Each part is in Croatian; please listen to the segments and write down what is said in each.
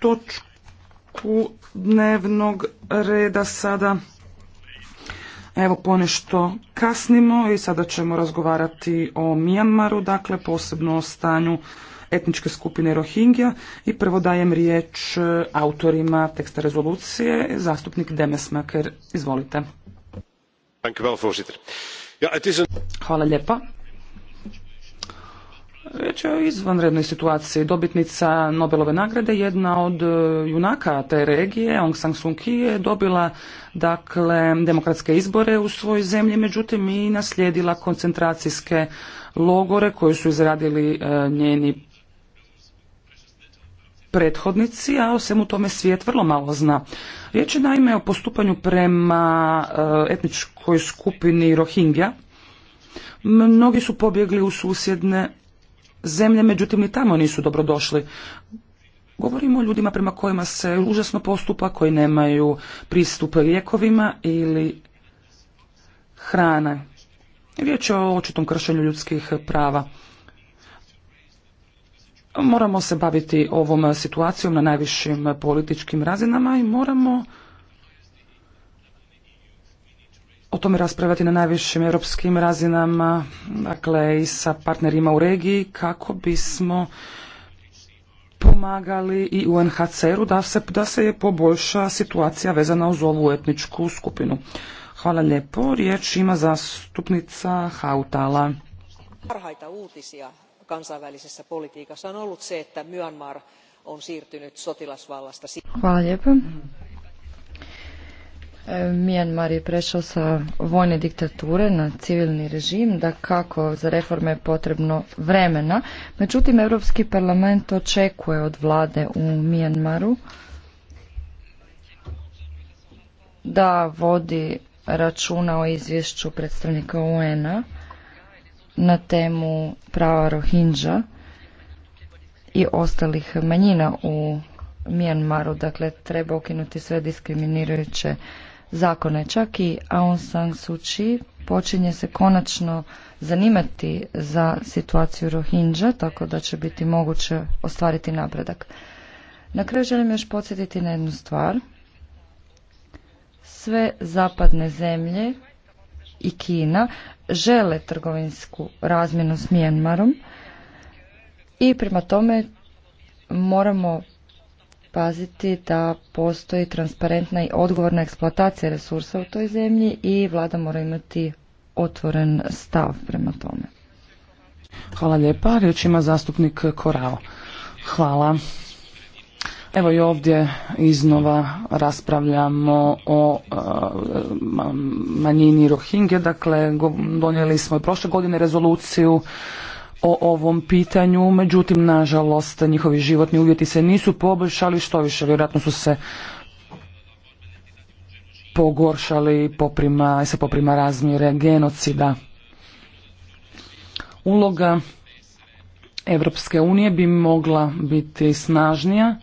točku dnevnog reda sada. Evo ponešto kasnimo i sada ćemo razgovarati o Mijanmaru, dakle posebno o stanju etničke skupine Rohingja i prvo dajem riječ e, autorima teksta rezolucije, zastupnik Demesmaker. Izvolite. Hvala lijepa. Riječ je o izvanrednoj situaciji. Dobitnica Nobelove nagrade, jedna od e, junaka te regije, Aung San Suu Kyi, je dobila dakle, demokratske izbore u svojoj zemlji, međutim i naslijedila koncentracijske logore koje su izradili e, njeni prethodnici, a o svemu tome svijet vrlo malo zna. Riječ je naime o postupanju prema e, etničkoj skupini Rohingja. Mnogi su pobjegli u susjedne zemlje, međutim ni tamo nisu dobrodošli. Govorimo o ljudima prema kojima se užasno postupa, koji nemaju pristup lijekovima ili hrane. Riječ je o očitom kršenju ljudskih prava. Moramo se baviti ovom situacijom na najvišim političkim razinama i moramo tome raspravljati na najvišim europskim razinama, dakle i sa partnerima u regiji kako bismo pomagali i UNHCR-u da se, da se poboljša situacija vezana uz ovu etničku skupinu. Hvala lijepo. Riječ ima zastupnica Hautala. politiikassa on ollut Myanmar on siirtynyt sotilasvallasta. Hvala E, Mijanmar je prešao sa vojne diktature na civilni režim, da kako za reforme je potrebno vremena. Međutim, Europski parlament očekuje od vlade u Mijanmaru da vodi računa o izvješću predstavnika UN-a na temu prava Rohinđa i ostalih manjina u Mijanmaru. Dakle, treba ukinuti sve diskriminirajuće zakone. Čak i Aung San Suu Kyi počinje se konačno zanimati za situaciju Rohingya, tako da će biti moguće ostvariti napredak. Na kraju želim još podsjetiti na jednu stvar. Sve zapadne zemlje i Kina žele trgovinsku razmjenu s Mijenmarom i prema tome moramo paziti da postoji transparentna i odgovorna eksploatacija resursa u toj zemlji i vlada mora imati otvoren stav prema tome. Hvala lijepa. Riječ ima zastupnik Korao. Hvala. Evo i ovdje iznova raspravljamo o manjini Rohingje. Dakle, donijeli smo i prošle godine rezoluciju o ovom pitanju, međutim, nažalost, njihovi životni uvjeti se nisu poboljšali, što više, vjerojatno su se pogoršali poprima, se poprima razmjere genocida. Uloga Evropske unije bi mogla biti snažnija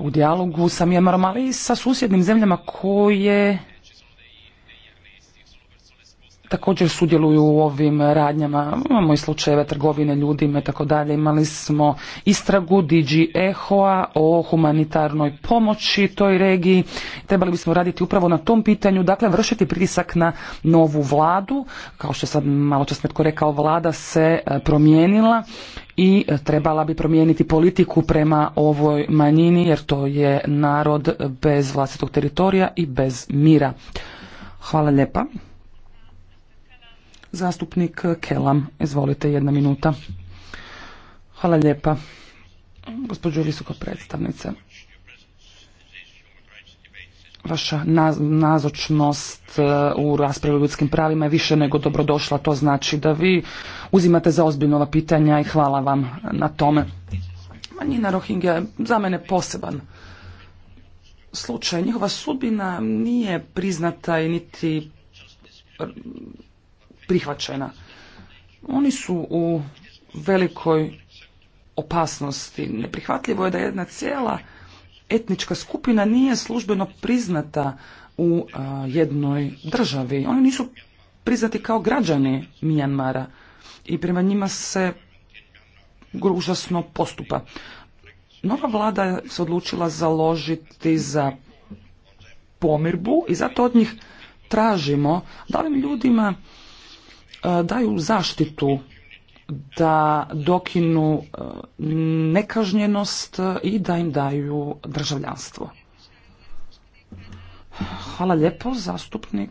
u dijalogu sa Mjemarom, ali i sa susjednim zemljama koje također sudjeluju u ovim radnjama. Imamo i slučajeve trgovine ljudima i tako dalje. Imali smo istragu Digi Ehoa o humanitarnoj pomoći toj regiji. Trebali bismo raditi upravo na tom pitanju, dakle vršiti pritisak na novu vladu. Kao što sam sad malo čas netko rekao, vlada se e, promijenila i e, trebala bi promijeniti politiku prema ovoj manjini jer to je narod bez vlastitog teritorija i bez mira. Hvala lijepa. Zastupnik Kelam, izvolite jedna minuta. Hvala lijepa, gospođo visoka predstavnice. Vaša nazočnost e, u raspravi o ljudskim pravima je više nego dobrodošla. To znači da vi uzimate za ozbiljno ova pitanja i hvala vam na tome. Manjina Rohingja je za mene poseban slučaj. Njihova sudbina nije priznata i niti prihvaćena. Oni su u velikoj opasnosti. Neprihvatljivo je da jedna cijela etnička skupina nije službeno priznata u jednoj državi. Oni nisu priznati kao građani Mijanmara i prema njima se užasno postupa. Nova vlada se odlučila založiti za pomirbu i zato od njih tražimo da ovim ljudima E, daju zaštitu da dokinu e, nekažnjenost i da im daju državljanstvo. Hvala lijepo, zastupnik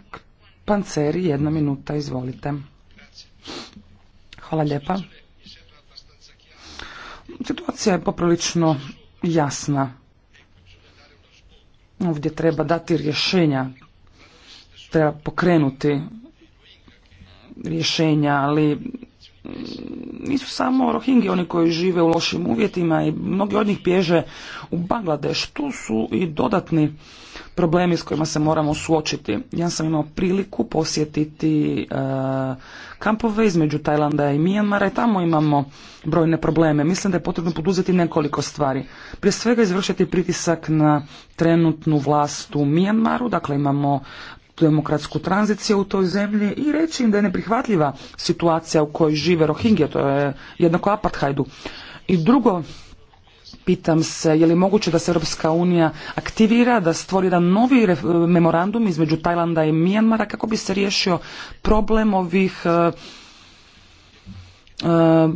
Panceri, jedna minuta, izvolite. Hvala lijepa. Situacija je poprilično jasna. Ovdje treba dati rješenja, treba pokrenuti rješenja, ali nisu samo Rohingi oni koji žive u lošim uvjetima i mnogi od njih bježe u Bangladeš. Tu su i dodatni problemi s kojima se moramo suočiti. Ja sam imao priliku posjetiti e, kampove između Tajlanda i Mijanmara i tamo imamo brojne probleme. Mislim da je potrebno poduzeti nekoliko stvari. Prije svega izvršiti pritisak na trenutnu vlast u Mijanmaru, dakle imamo demokratsku tranziciju u toj zemlji i reći im da je neprihvatljiva situacija u kojoj žive Rohingje, to je jednako apartheidu. I drugo, pitam se je li moguće da se Europska unija aktivira, da stvori jedan novi memorandum između Tajlanda i Mijanmara kako bi se riješio problem ovih e, e,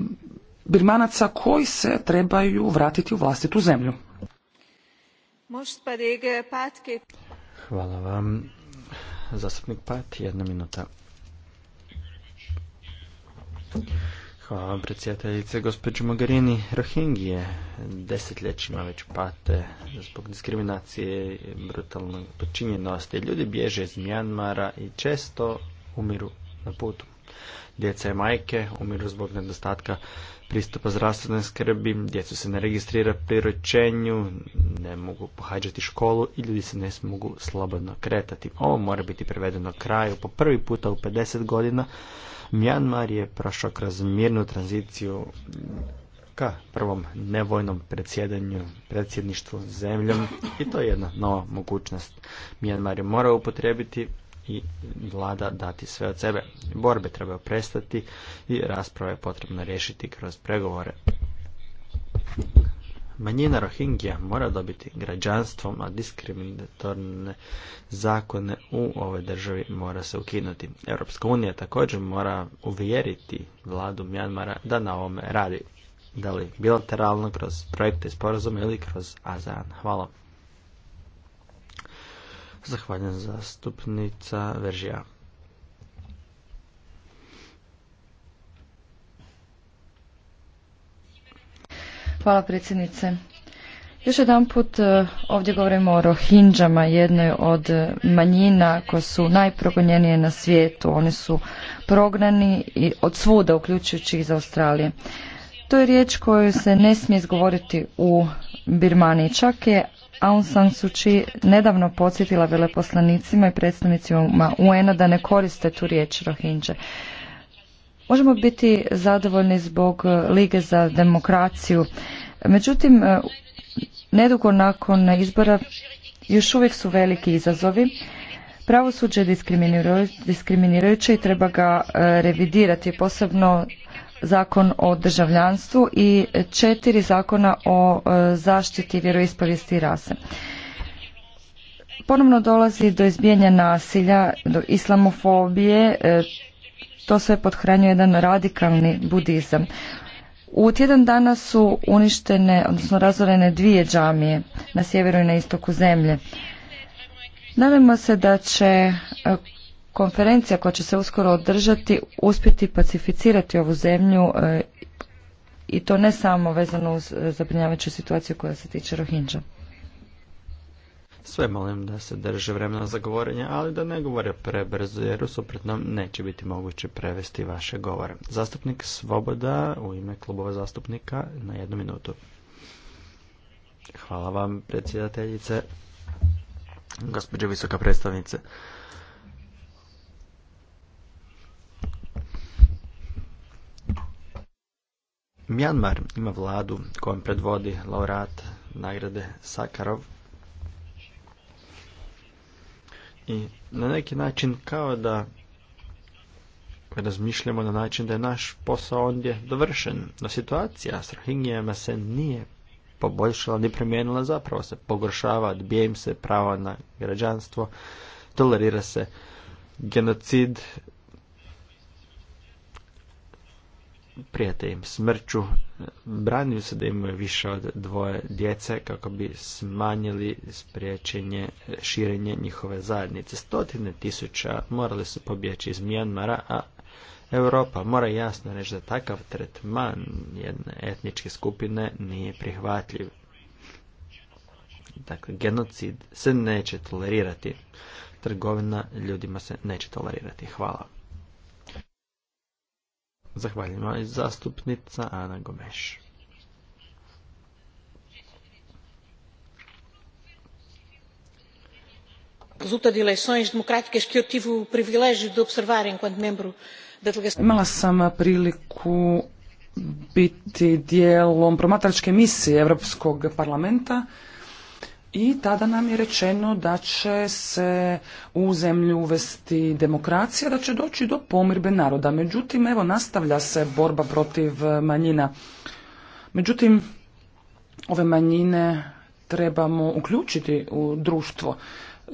birmanaca koji se trebaju vratiti u vlastitu zemlju. Hvala vam. Zastupnik Pat, jedna minuta. Hvala vam predsjedateljice, gospođo Mogherini. Rohingije desetljećima već pate zbog diskriminacije i brutalnog počinjenosti. Ljudi bježe iz Mijanmara i često umiru na putu. Djeca i majke umiru zbog nedostatka pristupa zdravstvenoj skrbi, djecu se ne registrira pri ne mogu pohađati školu i ljudi se ne mogu slobodno kretati. Ovo mora biti prevedeno kraju po prvi puta u 50 godina. Mjanmar je prošao kroz mirnu tranziciju ka prvom nevojnom predsjedanju, predsjedništvu zemljom i to je jedna nova mogućnost. Mjanmar je mora upotrebiti i vlada dati sve od sebe. Borbe trebaju prestati i rasprave je potrebno riješiti kroz pregovore. Manjina Rohingija mora dobiti građanstvo, a diskriminatorne zakone u ovoj državi mora se ukinuti. Europska unija također mora uvjeriti vladu Mjanmara da na ovome radi. Da li bilateralno, kroz projekte i sporazume ili kroz ASEAN. Hvala. Zahvaljujem zastupnica Veržija. Hvala predsjednice. Još jedan put e, ovdje govorimo o Rohinđama, jednoj od manjina koje su najprogonjenije na svijetu. Oni su prognani od svuda, uključujući iz Australije. To je riječ koju se ne smije izgovoriti u Birmaniji. Čak je Aung San Suu Kyi nedavno podsjetila veleposlanicima i predstavnicima UN-a da ne koriste tu riječ Rohinđe. Možemo biti zadovoljni zbog e, Lige za demokraciju. Međutim, e, nedugo nakon izbora još uvijek su veliki izazovi. Pravosuđe je diskriminirajuće i treba ga e, revidirati, posebno zakon o državljanstvu i četiri zakona o e, zaštiti vjeroispovijesti i rase. Ponovno dolazi do izbijanja nasilja, do islamofobije, e, to sve podhranjuje jedan radikalni budizam. U tjedan dana su uništene, odnosno razorene dvije džamije na sjeveru i na istoku zemlje. Nadamo se da će e, konferencija koja će se uskoro održati uspjeti pacificirati ovu zemlju e, i to ne samo vezano uz zabrinjavajuću situaciju koja se tiče Rohinđa. Sve molim da se drže vremena za govorenje, ali da ne govore prebrzo, jer u suprotnom neće biti moguće prevesti vaše govore. Zastupnik Svoboda u ime klubova zastupnika na jednu minutu. Hvala vam, predsjedateljice, gospođo visoka predstavnice. Mjanmar ima vladu kojom predvodi laureat nagrade Sakarov. I na neki način kao da razmišljamo na način da je naš posao ondje dovršen. No situacija s Rohingijama se nije poboljšala ni promijenila, zapravo se pogoršava, odbije im se prava na građanstvo, tolerira se genocid prijete im smrću, branili se da imaju više od dvoje djece kako bi smanjili spriječenje, širenje njihove zajednice. Stotine tisuća morali su pobjeći iz Mijanmara, a Europa mora jasno reći da takav tretman jedne etničke skupine nije prihvatljiv. Dakle, genocid se neće tolerirati. Trgovina ljudima se neće tolerirati. Hvala. Zahvaljujem i zastupnica Ana Gomeš. Resulta de eleições democráticas que eu tive o privilégio de observar enquanto membro da delegação. Imala sam priliku biti dijelom promatračke misije Europskog parlamenta i tada nam je rečeno da će se u zemlju uvesti demokracija, da će doći do pomirbe naroda. Međutim, evo nastavlja se borba protiv manjina. Međutim, ove manjine trebamo uključiti u društvo.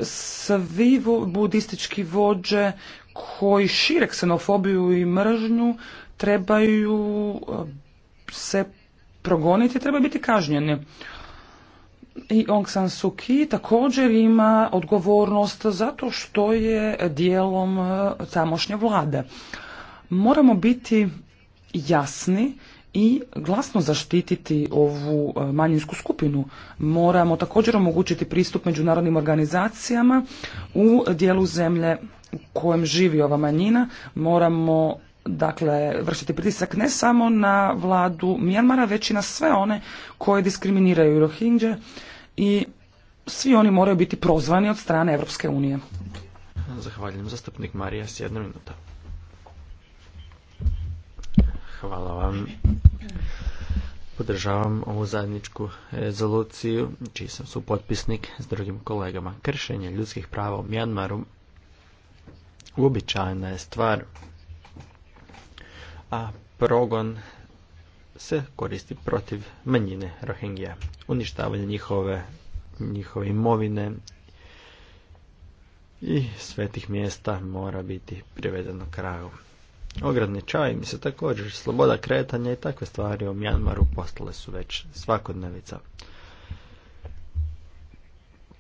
Svi budistički vođe koji šire ksenofobiju i mržnju trebaju eh, se progoniti, trebaju biti kažnjeni i Aung San također ima odgovornost zato što je dijelom e, tamošnje vlade. Moramo biti jasni i glasno zaštititi ovu e, manjinsku skupinu. Moramo također omogućiti pristup međunarodnim organizacijama u dijelu zemlje u kojem živi ova manjina. Moramo dakle, vršiti pritisak ne samo na vladu Mijanmara, već i na sve one koje diskriminiraju Rohingje i svi oni moraju biti prozvani od strane Evropske unije. Zahvaljujem zastupnik Marija s jedna minuta. Hvala vam. Podržavam ovu zajedničku rezoluciju, čiji sam supotpisnik s drugim kolegama. Kršenje ljudskih prava u Mjanmaru uobičajena je stvar a progon se koristi protiv manjine Rohingija. Uništavanje njihove, njihove imovine i svetih mjesta mora biti privedeno kraju. čaj mi se također sloboda kretanja i takve stvari u Mjanmaru postale su već svakodnevica.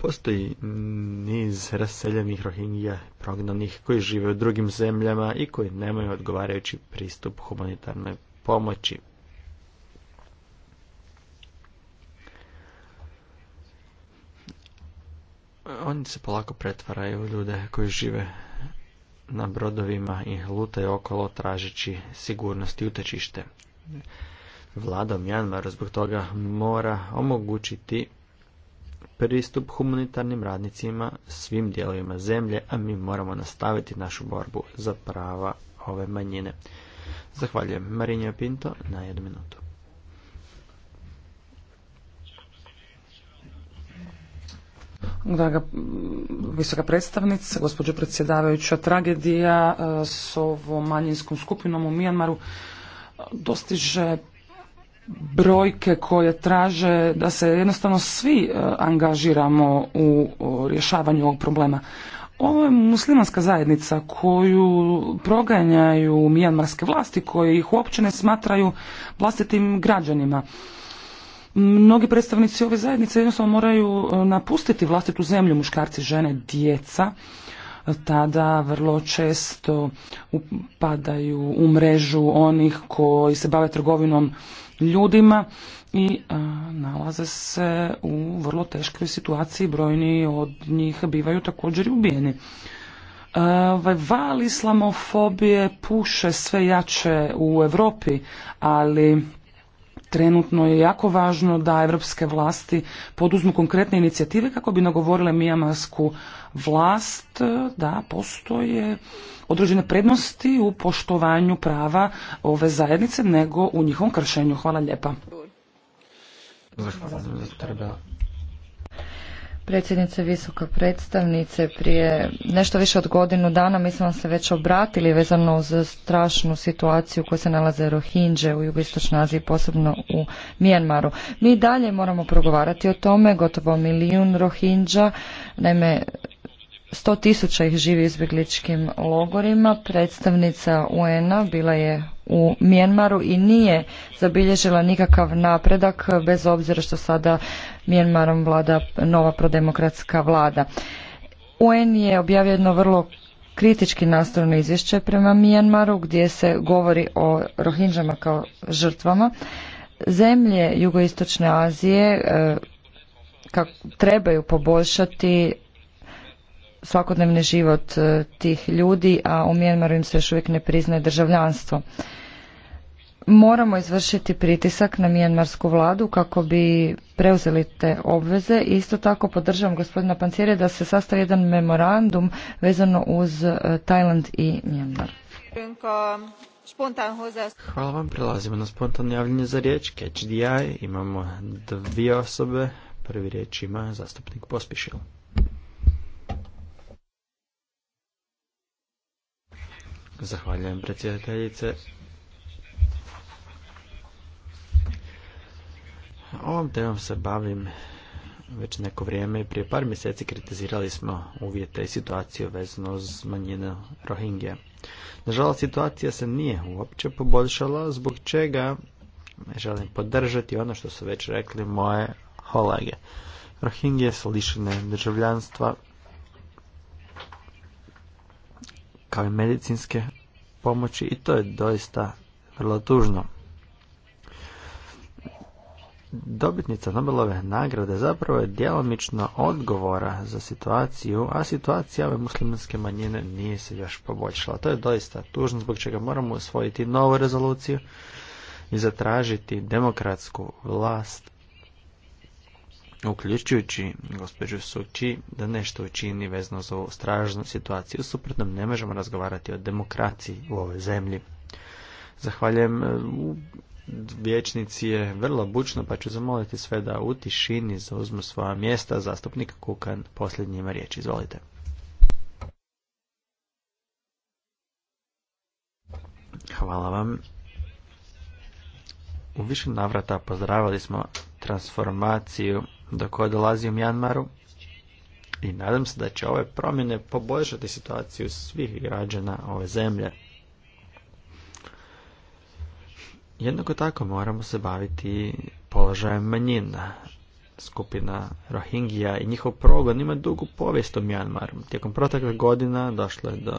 Postoji niz raseljenih rohingija prognanih koji žive u drugim zemljama i koji nemaju odgovarajući pristup humanitarnoj pomoći. Oni se polako pretvaraju u ljude koji žive na brodovima i lutaju okolo tražeći sigurnost i utečište. Vlada Mjanmaru zbog toga mora omogućiti pristup humanitarnim radnicima svim dijelovima zemlje, a mi moramo nastaviti našu borbu za prava ove manjine. Zahvaljujem Marinja Pinto na jednu minutu. Draga mm, visoka predstavnica, gospođo predsjedavajuća, tragedija e, s ovom manjinskom skupinom u Mijanmaru e, dostiže brojke koje traže da se jednostavno svi e, angažiramo u rješavanju ovog problema. Ovo je muslimanska zajednica koju proganjaju mijanmarske vlasti koje ih uopće ne smatraju vlastitim građanima. Mnogi predstavnici ove zajednice jednostavno moraju e, napustiti vlastitu zemlju, muškarci, žene, djeca tada vrlo često upadaju u mrežu onih koji se bave trgovinom ljudima i e, nalaze se u vrlo teškoj situaciji. Brojni od njih bivaju također i ubijeni. E, ovaj val islamofobije puše sve jače u Europi, ali trenutno je jako važno da evropske vlasti poduzmu konkretne inicijative kako bi nagovorile mijamarsku vlast e, da postoje određene prednosti u poštovanju prava ove zajednice nego u njihovom kršenju. Hvala lijepa predsjednice visoka predstavnice prije nešto više od godinu dana mi smo vam se već obratili vezano uz strašnu situaciju koja se nalaze Rohinđe u jugoistočnoj Aziji posebno u Mijanmaru. Mi dalje moramo progovarati o tome gotovo milijun Rohinđa naime sto tisuća ih živi u izbjegličkim logorima. Predstavnica UN-a bila je u Mijenmaru i nije zabilježila nikakav napredak bez obzira što sada Mijenmarom vlada nova prodemokratska vlada. UN je objavio jedno vrlo kritički nastrojno izvješće prema Mijenmaru gdje se govori o rohinđama kao žrtvama. Zemlje jugoistočne Azije eh, kako trebaju poboljšati svakodnevni život e, tih ljudi, a u Mijenmaru im se još uvijek ne priznaje državljanstvo. Moramo izvršiti pritisak na mijenmarsku vladu kako bi preuzeli te obveze i isto tako podržavam gospodina Pancjere da se sastavi jedan memorandum vezano uz e, Tajland i Mijenmar. Hvala vam, prelazimo na spontano javljanje za riječ. Catch eye. imamo dvije osobe. Prvi riječ ima zastupnik Pospišil. Zahvaljujem predsjedateljice. Ovom temom se bavim već neko vrijeme prije par mjeseci kritizirali smo uvjete i situaciju vezano s manjine Rohingje. Nažalost, situacija se nije uopće poboljšala, zbog čega želim podržati ono što su već rekli moje kolege. Rohingje su lišene državljanstva, kao i medicinske pomoći i to je doista vrlo tužno. Dobitnica Nobelove nagrade zapravo je djelomično odgovora za situaciju, a situacija ove muslimanske manjine nije se još poboljšala. To je doista tužno zbog čega moramo usvojiti novu rezoluciju i zatražiti demokratsku vlast uključujući gospođu Suči, da nešto učini vezno za ovu stražnu situaciju. Suprotno ne možemo razgovarati o demokraciji u ovoj zemlji. Zahvaljujem. E, u vječnici je vrlo bučno, pa ću zamoliti sve da u tišini zauzmu svoja mjesta. Zastupnik Kukan posljednjima riječ. Izvolite. Hvala vam. U više navrata pozdravili smo transformaciju do koje dolazi u Mjanmaru i nadam se da će ove promjene poboljšati situaciju svih građana ove zemlje. Jednako tako moramo se baviti položajem manjina. Skupina Rohingija i njihov progon ima dugu povijest u Mjanmaru. Tijekom proteklih godina došlo je do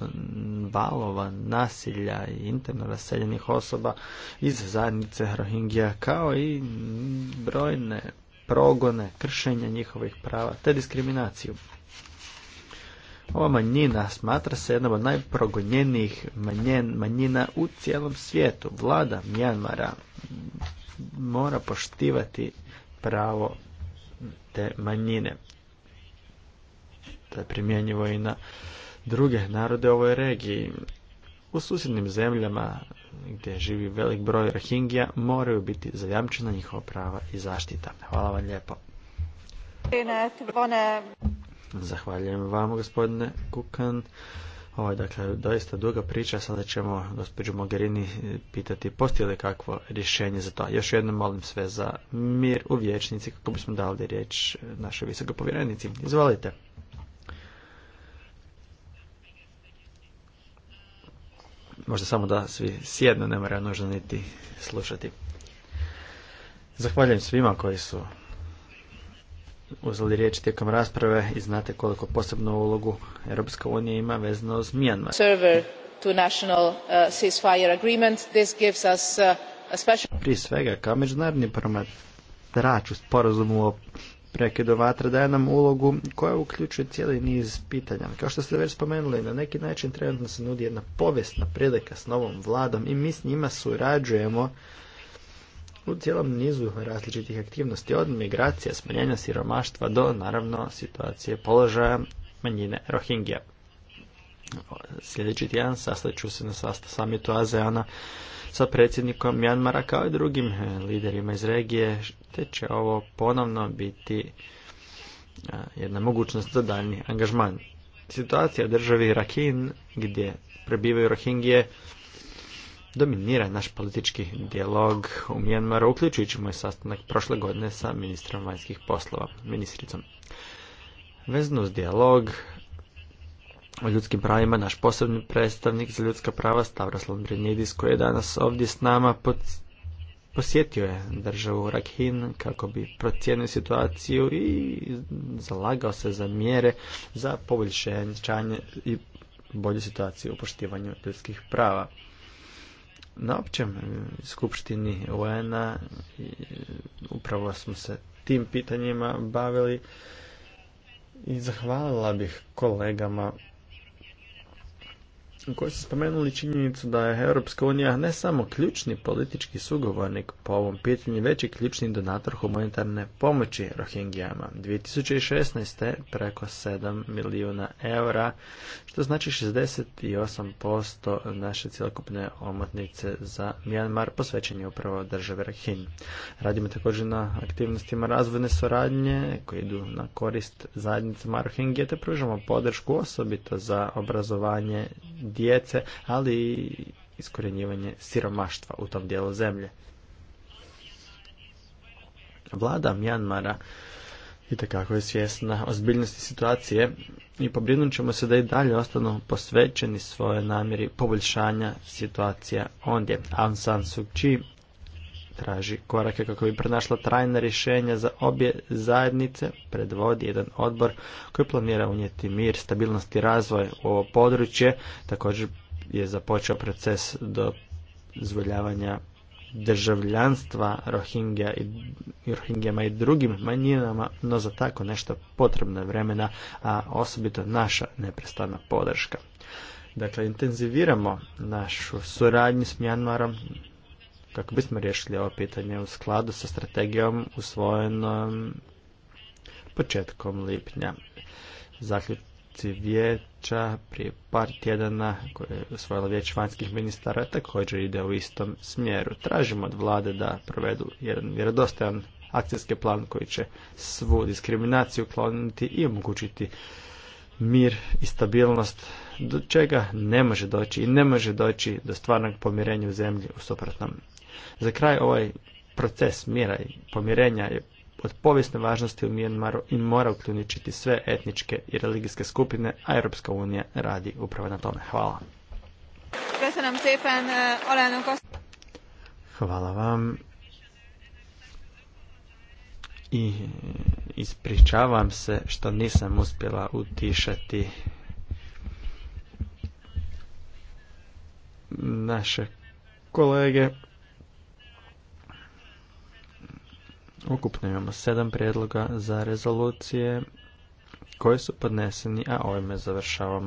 valova, nasilja i interno raseljenih osoba iz zajednice Rohingija kao i brojne progone, kršenja njihovih prava te diskriminaciju. Ova manjina smatra se jednom od najprogonjenijih manjen, manjina u cijelom svijetu. Vlada Mjanmara mora poštivati pravo te manjine. To je primjenjivo i na druge narode u ovoj regiji. U susjednim zemljama gdje živi velik broj Rahingija, moraju biti zajamčena njihova prava i zaštita. Hvala vam lijepo. Zahvaljujem vam, gospodine Kukan. Ovo je dakle doista duga priča, sada ćemo gospođu Mogherini pitati postoji li kakvo rješenje za to. Još jednom molim sve za mir u vječnici kako bismo dali riječ našoj visokoj povjerenici. Izvolite. Možda samo da svi sjednu, ne moraju nužno niti slušati. Zahvaljujem svima koji su uzeli riječ tijekom rasprave i znate koliko posebnu ulogu Europska unija ima vezano uz special... Prije svega, kao međunarodni promatrač u sporazumu o prekidu vatra daje nam ulogu koja uključuje cijeli niz pitanja. Kao što ste već spomenuli, na neki način trenutno se nudi jedna povijesna prilika s novom vladom i mi s njima surađujemo u cijelom nizu različitih aktivnosti od migracija, smanjenja siromaštva do naravno situacije položaja manjine Rohingya. Sljedeći tjedan ću se na samitu azeana sa predsjednikom Mjanmara kao i drugim e, liderima iz regije, te će ovo ponovno biti e, jedna mogućnost za daljni angažman. Situacija u državi Rakin, gdje prebivaju Rohingije, dominira naš politički dijalog u Mjanmaru, uključujući moj sastanak prošle godine sa ministrom vanjskih poslova, ministricom. Vezno uz dijalog, o ljudskim pravima, naš posebni predstavnik za ljudska prava Stavros Lambrinidis koji je danas ovdje s nama pod... posjetio je državu Rakhin kako bi procijenio situaciju i zalagao se za mjere za poboljšanje i bolju situaciju u poštivanju ljudskih prava. Na općem skupštini UN-a upravo smo se tim pitanjima bavili i zahvalila bih kolegama koji su spomenuli činjenicu da je Europska unija ne samo ključni politički sugovornik po ovom pitanju, već i ključni donator humanitarne pomoći Rohingjama. 2016. preko 7 milijuna eura, što znači 68% naše cjelokupne omotnice za Mijanmar posvećen je upravo države Rohingya. Radimo također na aktivnostima razvojne suradnje koje idu na korist zajednicama Rohingya te pružamo podršku osobito za obrazovanje djece, ali i iskorjenjivanje siromaštva u tom dijelu zemlje. Vlada Mjanmara i takako je svjesna ozbiljnosti situacije i pobrinut ćemo se da i dalje ostanu posvećeni svoje namjeri poboljšanja situacija ondje. Aung San Suu Kyi traži korake kako bi pronašla trajna rješenja za obje zajednice, predvodi jedan odbor koji planira unijeti mir, stabilnost i razvoj u ovo područje, također je započeo proces do zvoljavanja državljanstva Rohingja i Rohingjama i drugim manjinama, no za tako nešto potrebno je vremena, a osobito naša neprestana podrška. Dakle, intenziviramo našu suradnju s Mjanmarom, kako bismo riješili ovo pitanje u skladu sa strategijom usvojenom početkom lipnja. Zaključci vijeća prije par tjedana koje je usvojila vijeć vanjskih ministara također ide u istom smjeru. Tražimo od vlade da provedu jedan vjerodostojan akcijski plan koji će svu diskriminaciju ukloniti i omogućiti mir i stabilnost do čega ne može doći i ne može doći do stvarnog pomirenja u zemlji u suprotnom za kraj ovaj proces mira i pomirenja je od povijesne važnosti u Mijenmaru i mora uključiti sve etničke i religijske skupine, a Europska unija radi upravo na tome. Hvala. Eh, Hvala vam. I ispričavam se što nisam uspjela utišati naše kolege. Ukupno imamo sedam prijedloga za rezolucije koji su podneseni, a ovime završavamo.